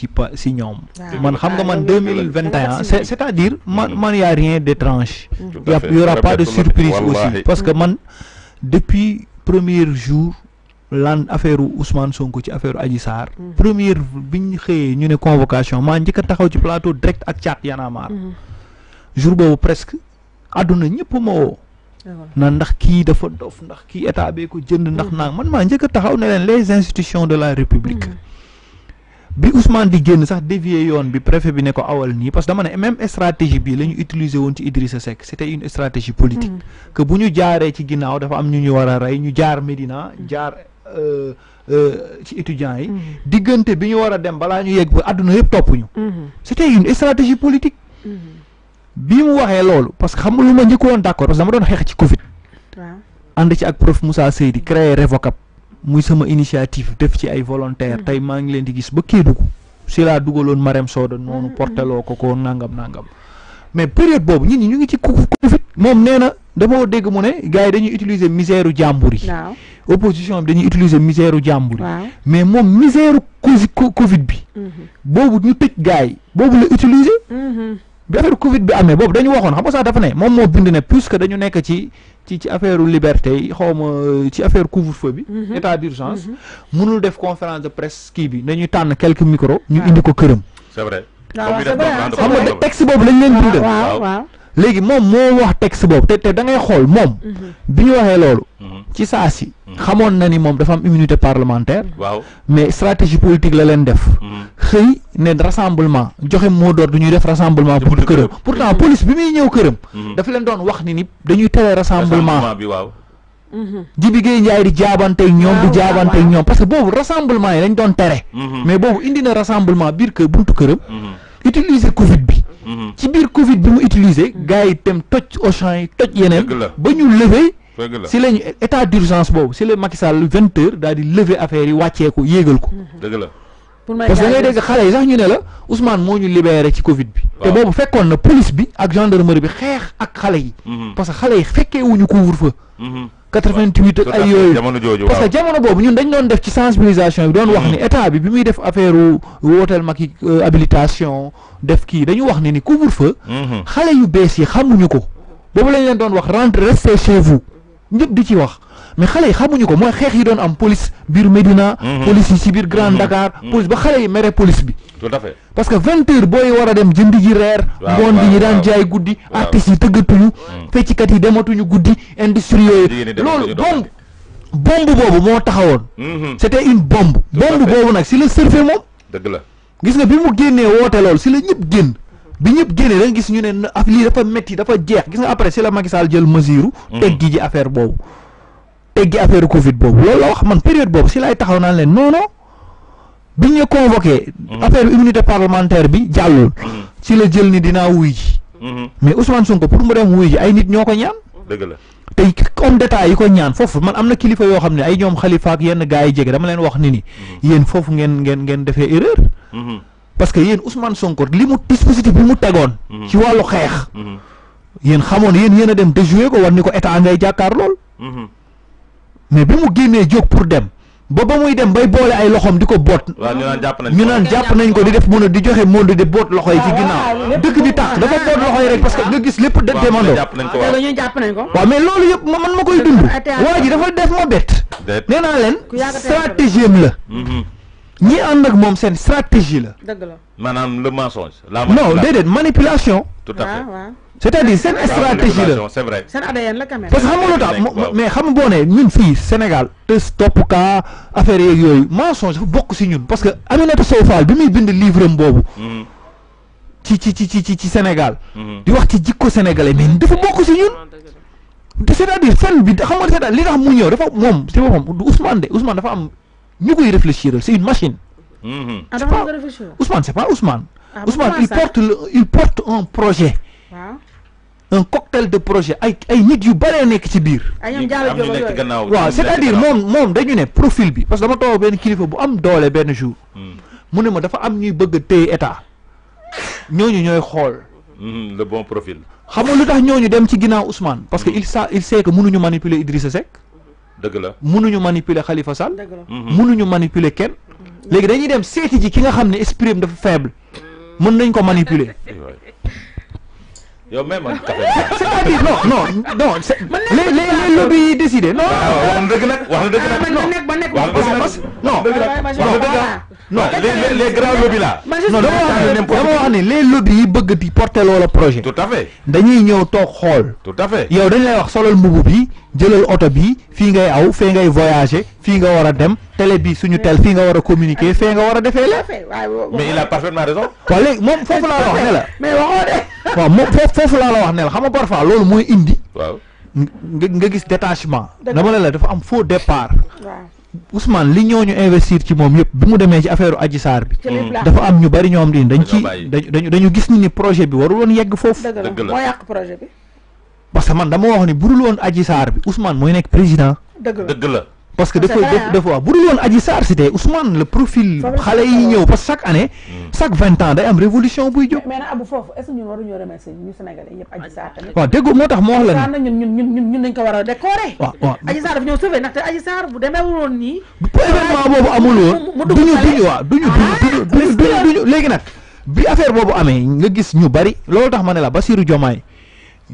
ci pa si man xam nga man 2021 c'est à dire man mm-hmm. man y a rien d'étrange mm-hmm. y y aura pas de surprise aussi parce que mm-hmm. man depuis premier jour lan affaire Ousmane Sonko ci affaire Adji Sarr premier biñ xëyee ñu convocation man njëkk taxaw ci plateau direct ak chat, Yana a jour beau presque aduna ñëpp mo ah, na ndax ki dafa dof ndax ki état bee ko jënd ndax naang man maa njëkk taxaw ne les institutions de la république bi Ousmane di génn sax dévier yoon bi préfet bi ne ko awal nii parce que dama ne même stratégie bi la ñu utiliser woon ci Idrissa Seck c' était une stratégie politique mm. que bu ñu jaaree ci ginnaaw dafa am ñu ñu war a rey ñu jaar Médina jaar euh, euh, ci étudiants yi mm. diggante bi ñu war a dem balaa ñu yegg ba àdduna yëpp topp ñu mm-hmm. c' était une stratégie politique mm-hmm. bi mu waxee loolu parce que xam nga lu ma njëkkoon d' accord parce que dama doon xeex ci Covid ànd ci ak prof Moussa muy sama initiative def ci ay volontaire mm-hmm. tey maa ngi leen di gis ba Kédougou si laa dugaloon Marème Soda mm-hmm. noonu mm-hmm. porteloo ko ko nangam nangam mais période boobu nit ñi ñu ngi ci Covid moom nee na damoo dégg mu ne gars dañuy utiliser misère u jàmbur yi. opposition bi dañuy utiliser misère u jàmbur yi. mais moom misère u Covid bi. boobu ñu tëj gars boobu la utiliser. bi affaire Covid bi amee boobu dañu waxoon xam nga sax dafa ne moom moo bind ne puisque dañu nekk ci ci ci affaire liberté yi xaw ma ci affaire couvre-feu bi. Mhm. état d'urgence. mënul mhm. def conférence de presse kii bi nañuy tànn quelques micros. ñu indi ko këram. c'est vrai. Ah, xam nga texte boobu lañ leen bind. léegi moom moo wax texte boobu te te da ngay xool moom. Mhm. bi ñu waxee loolu. Hmm. ci saa si xamoon na ni moom dafa am immunité parlementaire waaw mais stratégie politique la leen def mm-hmm. xëy ne rassemblement joxe moo door du ñuy def rassemblement pour këram pourtant police bi muy ñëw këram mm-hmm. dafa leen doon wax ni ni dañuy tere rassemblement bi waaw mm-hmm. Jibi Gueye Ndiaye di jaabante ñoom di jaabante ñoom parce que boobu rassemblement yi dañ doon tere mais boobu indi na rassemblement biir kër buntu këram utiliser covid bi ci biir covid bi mu utiliser gars yi dem toj Auchan yi toj yeneen ba ñu levee si l'état d'urgence boobu si le Macky 20h heures di lever affaire yi wàccee ko yéegal ko. Mhm. dëgg la. parce que da ngay dégg xale yi sax ñu né la Ousmane mo ñu libérer ci Covid bi. té bobu fekkoon na police bi ak gendarmerie bi xeex ak xalé yi. Mhm. parce que xalé yi fekkee wuñu couvre-feu. 88 mhm. ak ay yoy parce que jamono bobu ñun dañ doon def ci sensibilisation bi doon wax ni état bi bi muy def affaire hôtel Macky euh, habilitation def ki dañu wax ne ni couvre-feu. xalé yu bees yi xamuñu ko. bobu lañ leen doon wax rentre restez chez vous. ñëpp di ci wax mais xale yi xamuñu ko mooy xeex yi doon am police biir Médina. Mhm. police yi ci biir Grand mhm. Dakar. Mhm. police ba xale yi mere police bi. tout à parce que vingt booy war a dem jënd ji reer. waaw waaw yi daan jaay guddi. artistes yi tëggatuñu. feccikat yi dematuñu guddi. industrie yooyu loolu bomb bombe boobu moo taxawoon. c'était une bomb bombe boobu nag si la surfer moom. dëgg la gis nga bi mu génnee woote lool si la ñëpp génn. bi ñëpp génnee da gis ñu ne ah lii dafa métti dafa jeex gis nga après si la Macky Sall jël mesure. Mm. teggi ji affaire boobu. teggi affaire Covid boobu loolu la wax man période boobu si laay taxaw naan leen non non biñ ñu convoqué. Mm. affaire immunité parlementaire bi jàllul. si mm. la jël ni dinaa wuy ji. Mm-hmm. mais Ousmane Sonko pour mu dem wuy ji ay nit ñoo ko ñaan. dëgg la tey comme d'état yi ko ñaan foofu man am na kilifa yoo xam ne ay ñoom xalifa ak yenn gars yi jege dama leen wax ni ni mm-hmm. yéen foofu ngeen ngeen ngeen defee parce que yéen Ousmane Sonko li mu dispositif bi mu tegoon. Mm-hmm. ci wàllu xeex. Mm-hmm. yéen xamoon yéen yéen a dem déjoué ko war ni ko état ngay jàkkaar lool. Mm-hmm. mais bi mu génnee jóg pour dem ba ba muy dem bay boole ay loxoom di ko boot. ñu naan jàpp nañ ko ñu naan ko di def mën di joxe monde di boot loxo yi ci ginnaaw. Ah, dëkk bi tax dafa boot loxo yi rek parce que nga gis lépp. de waaw jàpp nañ ko waaw ah, waaw jàpp mais loolu yëpp man ma koy dund. waa ji dafa def ma bett. nee leen stratégie la. ñi ànd ak moom seen stratégie la. dëgg la maanaam le mensonge. la manipulation non déedéet manipulation. tout à fait ah, c'est-à-dire seen stratégie la parce que xam nga mais xam nga boo nee ñun fii Sénégal. te topp kaa affaire yeeg yooyu mensonge dafa bokk si ñun parce que Aminata Sow Fall bi muy bind livre am boobu. Hmm. ci ci ci ci ci Sénégal. Hmm. di wax ci jikko sénégalais mais dafa bokk si ñun. te c'est-à-dire fen bi xam nga li tax mu ñëw dafa moom si boppam Ousmane de Ousmane dafa am. ñu koy réfléchir c'est une machine. Mm-hmm. ah dama ko réfléchir Ousmane c'est pas Ousmane. Ah, Ousmane il porte il porte un projet. un cocktail de projet ay ay nit yu bëree nekk ci biir. waaw c'est-à-dire moom moom dañu ne profil bi parce que dama toog benn kilifa bu am doole ben jour. Mm. mu ne dafa am ñuy bëgg a téye état ñooñu ñooy xool. Mm-hmm, le bon profil. xam nga lu tax ñooñu dem ci ginnaaw Ousmane. parce que mm. il sa il sait que mënuñu manipuler Idrissa Seck. dëgg la mënuñu manipuler Khalifa Sall. mënuñu mhm. manipuler kenn. léegi dañuy dem seeti ji ki nga xam ne esprit dafa faible mun nañ ko manipuler. Yo même on café cest pas dit non non non les les les lobby yi décidé non ah, on na dëgg nag wax na dëgg ah, non ba ah, non non les les grands lobby là bah, non dama wax ne les lobby bëgg di porter lolo projet tout à fait dañuy ñëw tok xol tout à fait yow dañ lay wax solal mbubu bi jëlal auto bi fi ngay aw fi ngay voyager fi nga wara dem télé bi suñu tel fii nga war a communiquer fee nga war a defee la mais il a parfaitement raison waaw léegi moom foofu laa la wax ne la mais waxoo de waaw moom foofu ne xam nga parfois loolu mooy indi waaw nga gis détachement dama ne la dafa am faux départ Ousmane li ñoo ñu investir ci moom yëpp bi mu demee ci affaire Adji Sarr bi dafa am ñu bari ñoom di dañ ci dañu dañu gis ni ni projet bi warul woon yegg foofu moo yàq projet bi parce que man dama wax ni burul woon Adji Sarr bi Ousmane mooy nekk président dëgg la parce que dafa ah, dafa hein. bu dul won Adji Sarr c'était Ousmane le profil xale yi ñëw parce que chaque année chaque 20 ans day am révolution buy jóg mais na abou fofu est-ce que ñun waruñoo remercier ñu Sénégalais yëpp Adji Sarr tamit wa déggu motax mo wax la ñun ñun ñun ñun ñun ñu ko wara décorer waaw waaw Adji Sarr dafa ñëw sauver nak Adji Sarr bu demee woon nii événement bobu amul won duñu duñu waaw ah, duñu duñu duñu duñu léegi nag bi affaire bobu amé nga gis ñu bari lolu tax mané la basirou Diomaye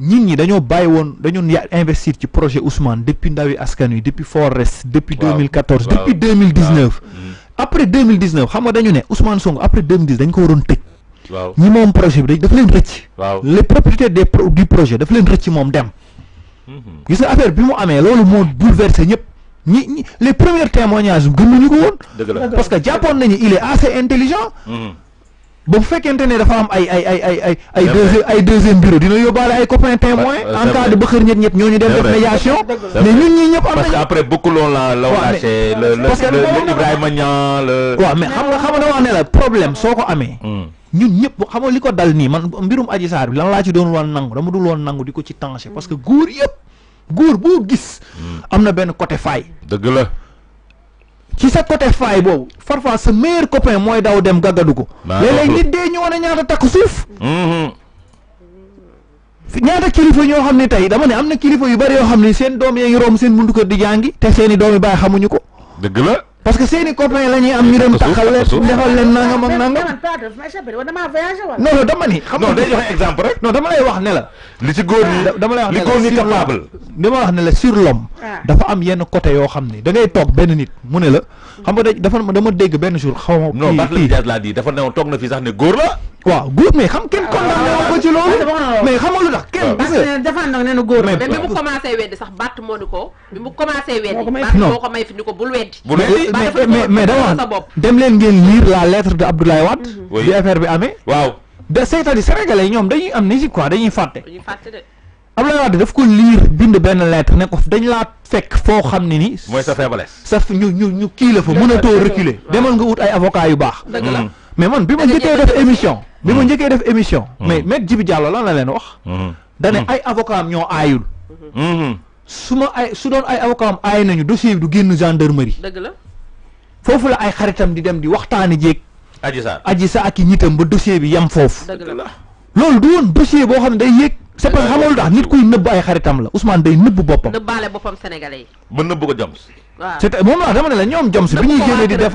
nit ñi dañoo bàyyi woon dañu investir ci projet Ousmane depuis Ndawi askan wi depuis Forest depuis 2014 depuis 2019 ah, hmm. après 2019 xam nga dañu ne Ousmane Song, après 2010 dañ ko waroon tëj ñi moom projet bi dafa leen rëcc les propriétaires des du projet dafa leen rëcc moom dem hmm. gis nga affaire bi mu amee loolu moo bouleversé ñëpp ñi les premiers témoignages gëmmuñu ko woon parce que jàppoon nañu il est assez intelligent hmm bon fait dafa am ay ay ay ay ay deuxième ay deuxième bureau dina ay copains témoin. en cas de ñet ñet a dem def mais ñun am parce que après beaucoup l'on le le le mais xam nga xam nga wax problème soko amé hmm. ñun ñëpp xam nga li ko dal ni man mbirum Adji lan la ci doon dama dul won diko ci parce que goor gour, goor bo gis hmm. amna ben côté fay ci sa côté faay boobu parfois sa meilleur copain mooy daw dem gàggadu ko. léeg-léeg nit dee ñoo ne ñaata takk suuf. Mm-hmm. ñaata kilifa ñoo xam ne tey dama ne am na kilifa yu bari yoo xam ne seen doom yaa ngi romb seen buntu kër di jàngi te seen i doom yi bàyyi xamuñu ko. dëgg la. parce que seeni copains la ñuy am ñu dem taxal leen defal leen nangam ak dama ni xam dama lay wax ne la li ci góor ñi dama lay wax ne góor ñi capable ah. dafa am yenn côté yoo xam ne dangay toog benn nit mu ne la xam nga dafa dama dégg benn jour xaw ma non Barthélémy Dias laa di dafa newoon toog na fii sax ne góor la waaw góor mais xam kenn ah, condamné wu ko ci loolu. mais xam lu tax kenn. parce na mais bi mu commencé weddi sax batt moo ni ko. bi mu commencé weddi. batt moo ko may fi ni ko bul weddi. bul weddi mais mais da dem leen ngeen lire la lettre de Abdoulaye Wade. Mhm. bi affaire waaw de c'est-à-dire sénégalais ñoom dañuy am ni si dañuy fàtte. dañuy fàtte de. Abdoulaye Wade daf ko lire bind benn lettre ne ko dañ laa fekk foo xam ne ni. mooy sa faiblesse. sa ñu ñu ñu kii la fa mënatoo reculer. demal nga ut ay avocat yu baax. Mm. mais man bi ma jëkkee def émission bi mu hmm. njëkkee def émission. Hmm. mais maître Djibi Diallo lan la leen wax. Hmm. dane ay avocat am ñoo aayul. su ma ay su doon ay avocat ay nañu dossier bi du génn gendarmerie. dëgg la foofu la ay xaritam di dem di waxtaani jéeg. Adji Sarr Adji Sarr ak i ñitam ba dossier bi yam foofu. la loolu du woon dossier boo xam ne day yéeg. sa parce que xamul ndax nit kuy nëbb ay xaritam la Ousmane day nëbb boppam. nëbbaale boppam sénégalais yi. ba nëbb ko Joms. waaw bi ñuy génnee di def.